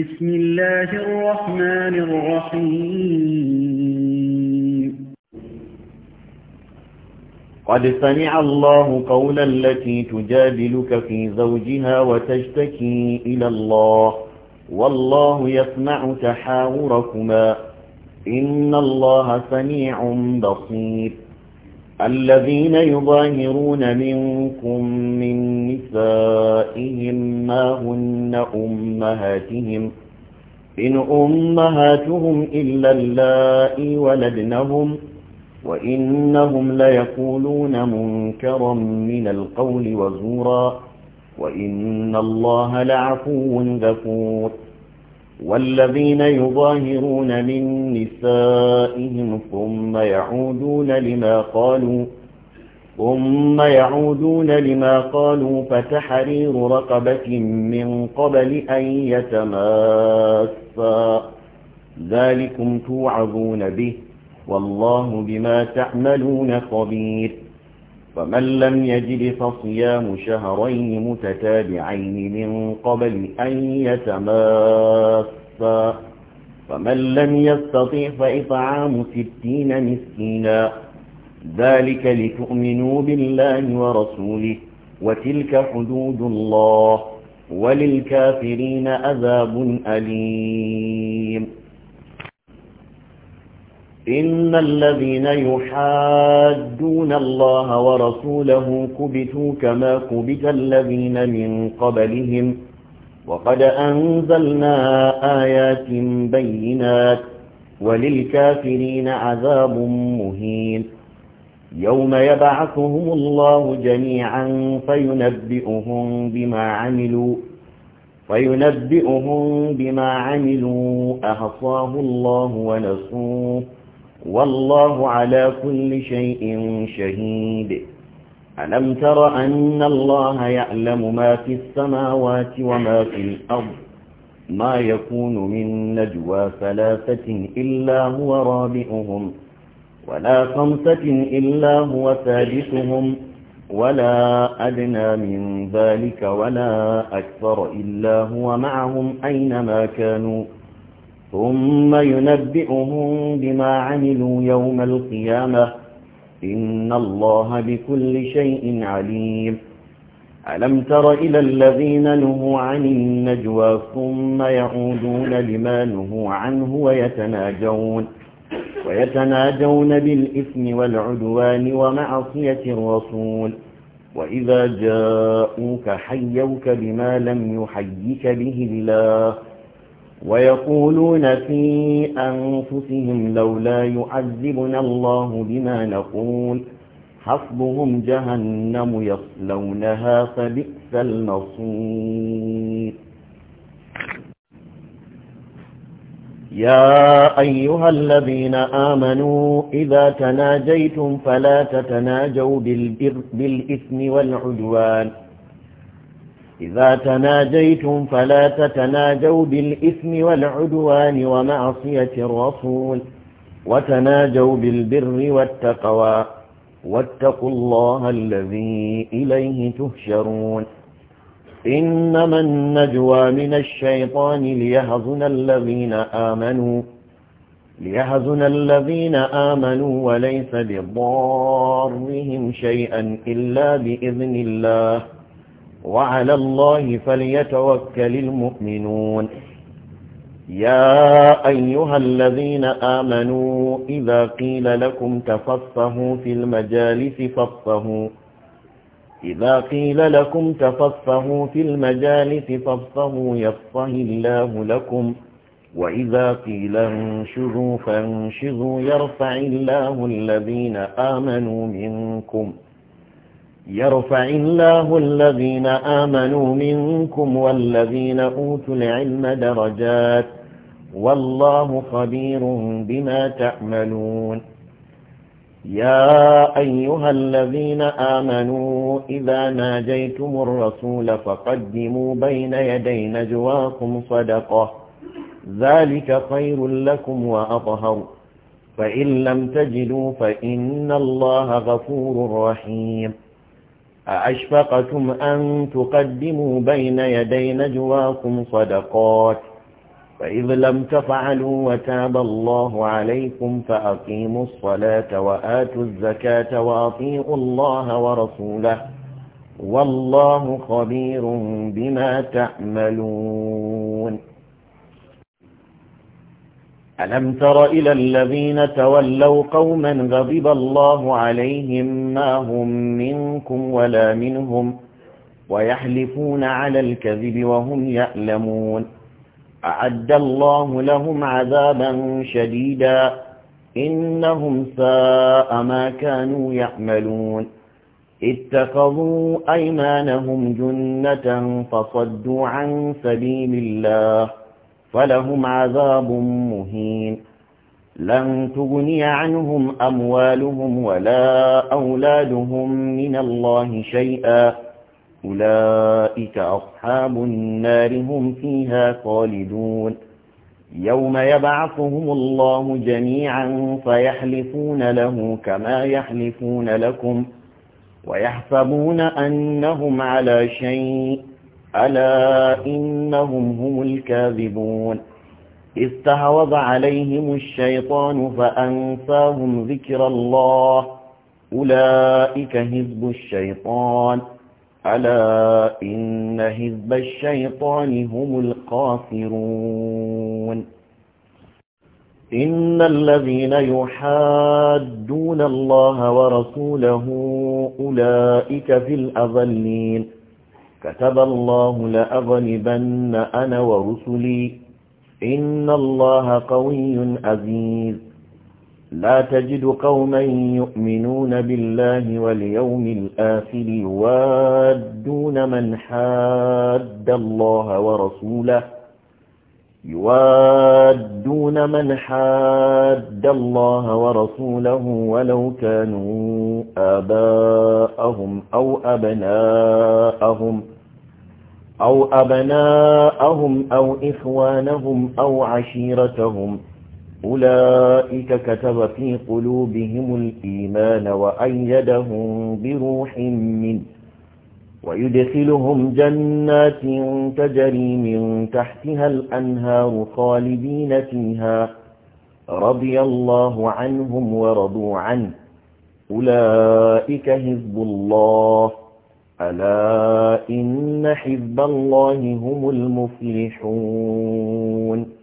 بسم الله الرحمن الرحيم قد سمع الله قولا التي تجادلك في زوجها وتشتكي إلى الله والله يسمع تحاوركما إن الله سميع بصير الذين يظاهرون منكم من نسائهم ما هن أمهاتهم إن أمهاتهم إلا اللائي ولدنهم وإنهم ليقولون منكرا من القول وزورا وإن الله لعفو ذكور والذين يظاهرون من نسائهم ثم يعودون لما قالوا ثم يعودون لما قالوا فتحرير رقبة من قبل أن يتماسا ذلكم توعظون به والله بما تعملون خبير فمن لم يجد فصيام شهرين متتابعين من قبل أن يتماسا فمن لم يستطع فإطعام ستين مسكينا ذلك لتؤمنوا بالله ورسوله وتلك حدود الله وللكافرين أذاب أليم إن الذين يحادون الله ورسوله كبتوا كما كبت الذين من قبلهم وقد أنزلنا آيات بينات وللكافرين عذاب مهين يوم يبعثهم الله جميعا فينبئهم بما عملوا فينبئهم بما عملوا أحصاه الله ونسوه والله على كل شيء شهيد ألم تر أن الله يعلم ما في السماوات وما في الأرض ما يكون من نجوى ثلاثة إلا هو رابعهم ولا خمسة إلا هو ثالثهم ولا أدنى من ذلك ولا أكثر إلا هو معهم أينما كانوا ثم ينبئهم بما عملوا يوم القيامة إن الله بكل شيء عليم ألم تر إلى الذين نهوا عن النجوى ثم يعودون لما نهوا عنه ويتناجون ويتناجون بالإثم والعدوان ومعصية الرسول وإذا جاءوك حيوك بما لم يحيك به الله ويقولون في أنفسهم لولا يعذبنا الله بما نقول حسبهم جهنم يصلونها فبئس المصير يا أيها الذين آمنوا إذا تناجيتم فلا تتناجوا بالإثم والعدوان إذا تناجيتم فلا تتناجوا بالإثم والعدوان ومعصية الرسول وتناجوا بالبر والتقوى واتقوا الله الذي إليه تهشرون إنما النجوى من الشيطان ليهزن الذين آمنوا ليهزن الذين آمنوا وليس بضارهم شيئا إلا بإذن الله وعلى الله فليتوكل المؤمنون يا أيها الذين آمنوا إذا قيل لكم تفصهوا في المجالس فصهوا إذا قيل لكم تفصهوا في المجالس فافصهوا يفصه الله لكم وإذا قيل انشروا فانشروا يرفع الله الذين آمنوا منكم ۖ يرفع الله الذين آمنوا منكم والذين أوتوا العلم درجات والله خبير بما تعملون يا أيها الذين آمنوا إذا ناجيتم الرسول فقدموا بين يدي نجواكم صدقة ذلك خير لكم وأطهر فإن لم تجدوا فإن الله غفور رحيم أأشفقتم أن تقدموا بين يدي نجواكم صدقات فإذ لم تفعلوا وتاب الله عليكم فأقيموا الصلاة وآتوا الزكاة وأطيعوا الله ورسوله والله خبير بما تعملون ألم تر إلى الذين تولوا قوما غضب الله عليهم ما هم منكم ولا منهم ويحلفون على الكذب وهم يألمون أعد الله لهم عذابا شديدا إنهم ساء ما كانوا يعملون اتخذوا أيمانهم جنة فصدوا عن سبيل الله فلهم عذاب مهين لن تغني عنهم أموالهم ولا أولادهم من الله شيئا أولئك أصحاب النار هم فيها خالدون يوم يبعثهم الله جميعا فيحلفون له كما يحلفون لكم ويحسبون أنهم على شيء ألا إنهم هم الكاذبون استحوذ عليهم الشيطان فأنساهم ذكر الله أولئك هزب الشيطان ألا إن هزب الشيطان هم القاسرون إن الذين يحادون الله ورسوله أولئك في الأذلين كتب الله لأغلبن أنا ورسلي إن الله قوي عزيز لا تجد قوما يؤمنون بالله واليوم الآخر يوادون من حاد الله ورسوله يوادون من حاد الله ورسوله ولو كانوا آباءهم أو أبناءهم أو أبناءهم أو إخوانهم أو عشيرتهم أولئك كتب في قلوبهم الإيمان وأيدهم بروح منه ويدخلهم جنات تجري من تحتها الأنهار خالدين فيها رضي الله عنهم ورضوا عنه أولئك حزب الله ألا إن حزب الله هم المفلحون